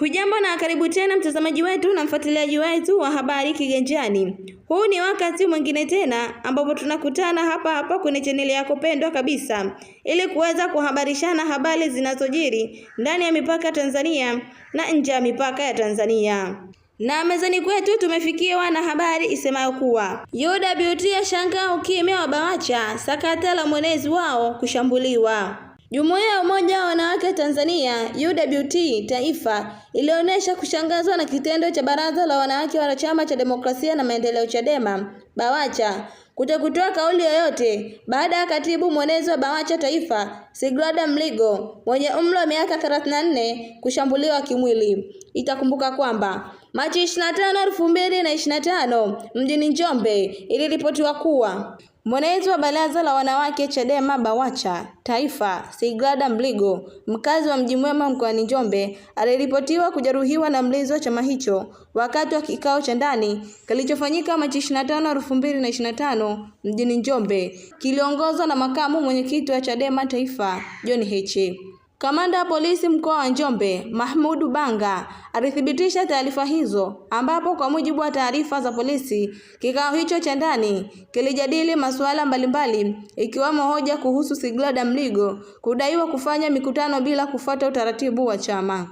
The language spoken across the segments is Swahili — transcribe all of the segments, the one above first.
Hujambo na karibu tena mtazamaji wetu na mfuatiliaji wetu wa habari Kiganjani. Huu ni wakati mwingine tena ambapo tunakutana hapa hapa kwenye chaneli yako pendwa kabisa ili kuweza kuhabarishana habari zinazojiri ndani ya mipaka ya Tanzania na nje ya mipaka ya Tanzania. Na mezani kwetu tumefikiwa na habari isemayo kuwa UWT yashangaa ukimya wa BAWACHA sakata la mwenezi wao kushambuliwa. Jumuiya ya Umoja wa Wanawake Tanzania UWT Taifa ilionyesha kushangazwa na kitendo cha Baraza la Wanawake wa Chama cha Demokrasia na Maendeleo Chadema Bawacha kuto kutoa kauli yoyote baada ya katibu mwenezi wa Bawacha Taifa Sigrada Mligo mwenye umri wa miaka 34 kushambuliwa kimwili. Itakumbuka kwamba Machi 25, 2025 mjini Njombe iliripotiwa kuwa mwenezi wa baraza la wanawake Chadema Bawacha Taifa, Sigrada Mligo, mkazi wa Mji Mwema mkoani Njombe, aliripotiwa kujeruhiwa na mlinzi wa chama hicho wakati wa kikao cha ndani kilichofanyika Machi 25, 2025 mjini Njombe, kiliongozwa na makamu mwenyekiti wa Chadema Taifa John Heche. Kamanda wa polisi mkoa wa Njombe, Mahmudu Banga, alithibitisha taarifa hizo ambapo kwa mujibu wa taarifa za polisi, kikao hicho cha ndani kilijadili masuala mbalimbali ikiwemo hoja kuhusu Sigrada Mligo kudaiwa kufanya mikutano bila kufuata utaratibu wa chama.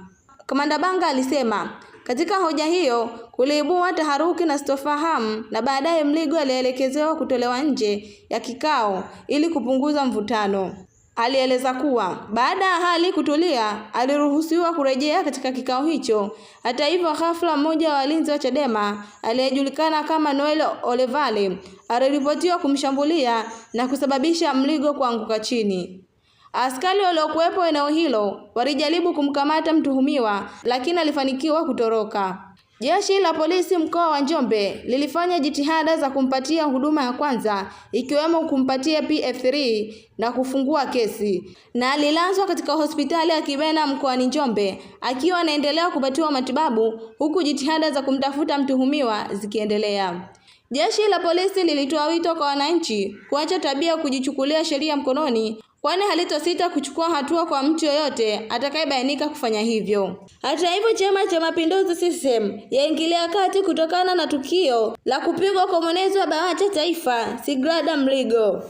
Kamanda Banga alisema katika hoja hiyo kuliibua taharuki na sitofahamu na baadaye Mligo alielekezewa kutolewa nje ya kikao ili kupunguza mvutano. Alieleza kuwa baada ya hali kutulia, aliruhusiwa kurejea katika kikao hicho. Hata hivyo, ghafla mmoja wa walinzi wa Chadema aliyejulikana kama Noel Olevale aliripotiwa kumshambulia na kusababisha Mligo kuanguka chini. Askari waliokuwepo eneo hilo walijaribu kumkamata mtuhumiwa, lakini alifanikiwa kutoroka. Jeshi la polisi mkoa wa Njombe lilifanya jitihada za kumpatia huduma ya kwanza ikiwemo kumpatia PF3 na kufungua kesi, na alilazwa katika hospitali ya Kibena mkoani Njombe akiwa anaendelea kupatiwa matibabu huku jitihada za kumtafuta mtuhumiwa zikiendelea. Jeshi la polisi lilitoa wito kwa wananchi kuacha tabia ya kujichukulia sheria mkononi kwani halitosita kuchukua hatua kwa mtu yoyote atakayebainika kufanya hivyo. Hata hivyo, Chama cha Mapinduzi CCM yaingilia kati kutokana na tukio la kupigwa kwa mwenezi wa BAWACHA Taifa Sigrada Mligo.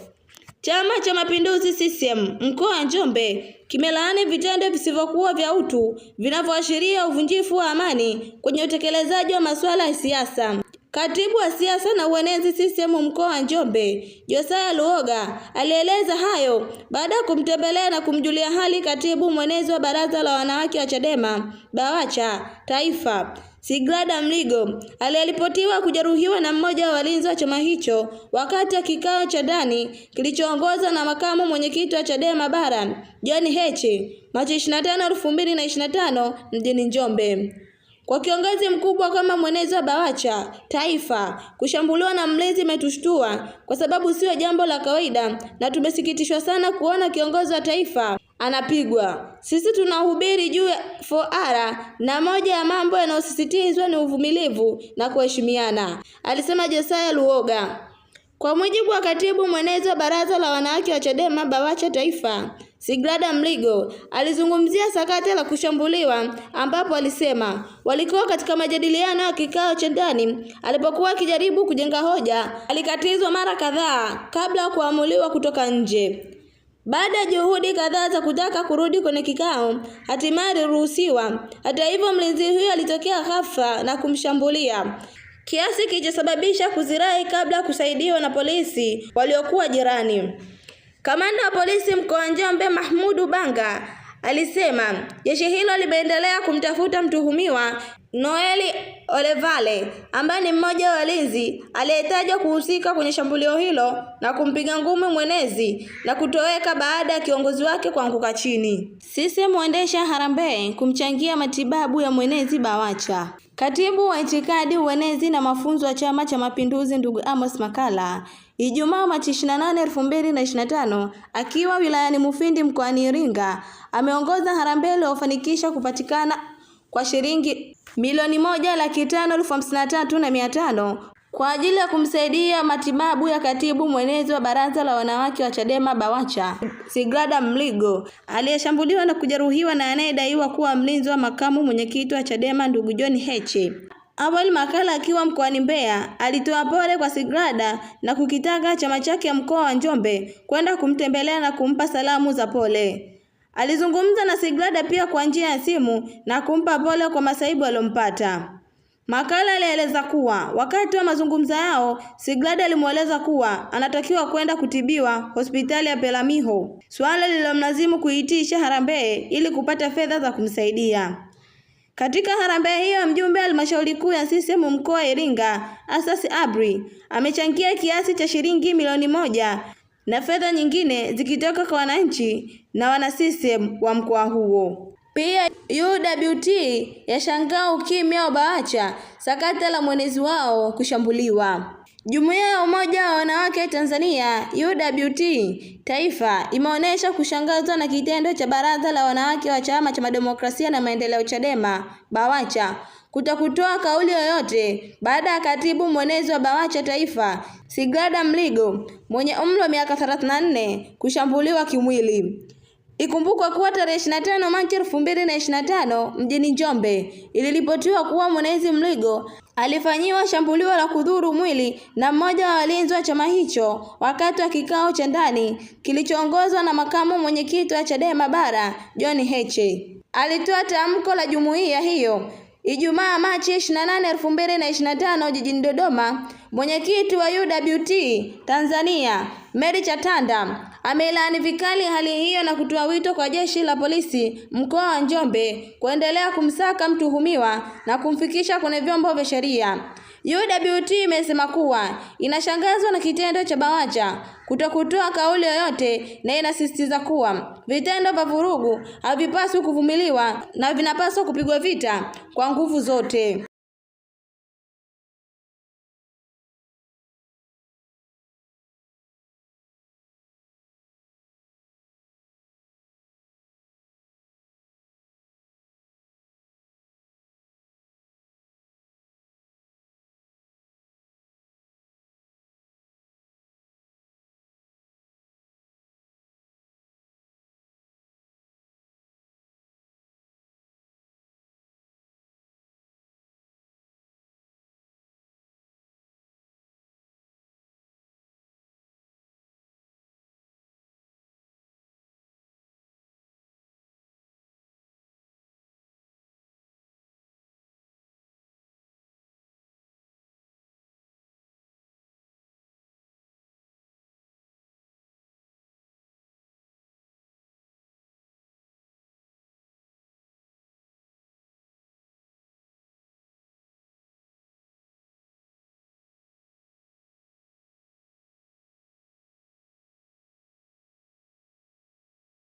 Chama cha Mapinduzi CCM mkoa wa Njombe kimelaani vitendo visivyokuwa vya utu vinavyoashiria uvunjifu wa amani kwenye utekelezaji wa masuala ya siasa. Katibu wa siasa na uenezi CCM mkoa wa Njombe, Josaya Luoga alieleza hayo baada ya kumtembelea na kumjulia hali katibu mwenezi wa baraza la wanawake wa Chadema Bawacha Taifa, Sigrada Mligo aliyeripotiwa kujeruhiwa na mmoja wa walinzi wa chama hicho wakati ya kikao cha ndani kilichoongozwa na makamu mwenyekiti wa Chadema Bara, John Heche, Machi 25, 2025 mjini Njombe. Kwa kiongozi mkubwa kama mwenezi wa Bawacha taifa, kushambuliwa na mlezi imetushtua kwa sababu sio jambo la kawaida, na tumesikitishwa sana kuona kiongozi wa taifa anapigwa. Sisi tunahubiri juu ya 4R na moja ya mambo yanayosisitizwa ni uvumilivu na kuheshimiana, alisema Josaya Luoga. Kwa mujibu wa katibu mwenezi wa baraza la wanawake wa Chadema Bawacha Taifa, Sigrada Mligo alizungumzia sakata la kushambuliwa ambapo alisema walikuwa katika majadiliano ya kikao cha ndani. Alipokuwa akijaribu kujenga hoja, alikatizwa mara kadhaa kabla ya kuamuliwa kutoka nje. Baada ya juhudi kadhaa za kutaka kurudi kwenye kikao, hatimaye aliruhusiwa. Hata hivyo, mlinzi huyo alitokea ghafla na kumshambulia kiasi kilichosababisha kuzirai kabla kusaidiwa na polisi waliokuwa jirani. Kamanda wa polisi mkoa Njombe, Mahmudu Banga, alisema jeshi hilo limeendelea kumtafuta mtuhumiwa Noel Olevale ambaye ni mmoja wa walinzi aliyetajwa kuhusika kwenye shambulio hilo na kumpiga ngumi mwenezi na kutoweka baada ya kiongozi wake kuanguka chini. Sisi muendesha harambee kumchangia matibabu ya mwenezi Bawacha. Katibu wa itikadi, uenezi na mafunzo wa Chama cha Mapinduzi ndugu Amos makala Ijumaa Machi 28, 2025 akiwa wilayani Mufindi mkoani Iringa ameongoza harambee iliyofanikisha kupatikana kwa shilingi milioni moja laki tano elfu hamsini na tatu na mia tano kwa ajili ya kumsaidia matibabu ya katibu mwenezi wa baraza la wanawake wa Chadema Bawacha Sigrada Mligo aliyeshambuliwa na kujeruhiwa na anayedaiwa kuwa mlinzi wa makamu mwenyekiti wa Chadema ndugu John Heche. Awali Makala akiwa mkoani Mbeya alitoa pole kwa Sigrada na kukitaka chama chake mkoa wa Njombe kwenda kumtembelea na kumpa salamu za pole. Alizungumza na siglada pia kwa njia ya simu na kumpa pole kwa masaibu aliyompata. Makala alieleza kuwa wakati wa mazungumzo yao, siglada alimweleza kuwa anatakiwa kwenda kutibiwa hospitali ya Peramiho, suala lililomlazimu kuitisha harambee ili kupata fedha za kumsaidia. Katika harambee hiyo, mjumbe wa halmashauri kuu ya CCM mkoa wa Iringa, Asasi Abri, amechangia kiasi cha shilingi milioni moja na fedha nyingine zikitoka kwa wananchi na wana CCM wa mkoa huo. Pia UWT yashangaa ukimya wa Bawacha sakata la mwenezi wao kushambuliwa. Jumuiya ya Umoja wa Wanawake Tanzania UWT Taifa imeonesha kushangazwa na kitendo cha Baraza la Wanawake wa Chama cha Demokrasia na Maendeleo Chadema Bawacha kutokutoa kauli yoyote baada ya katibu mwenezi wa Bawacha Taifa Sigrada Mligo mwenye umri wa miaka 34 kushambuliwa kimwili. Ikumbukwa kuwa tarehe 25 Machi 2025 mjini Njombe iliripotiwa kuwa mwenezi Mligo alifanyiwa shambulio la kudhuru mwili na mmoja wa walinzi wa chama hicho wakati wa kikao cha ndani kilichoongozwa na makamu mwenyekiti wa Chadema Bara John Heche. Alitoa tamko la jumuiya hiyo Ijumaa Machi 28, 2025 jijini Dodoma. Mwenyekiti wa UWT Tanzania Mary Chatanda Amelaani vikali hali hiyo na kutoa wito kwa jeshi la polisi mkoa wa Njombe kuendelea kumsaka mtuhumiwa na kumfikisha kwenye vyombo vya sheria. UWT imesema kuwa inashangazwa na kitendo cha BAWACHA kutokutoa kauli yoyote na inasisitiza kuwa vitendo vya vurugu havipaswi kuvumiliwa na vinapaswa kupigwa vita kwa nguvu zote.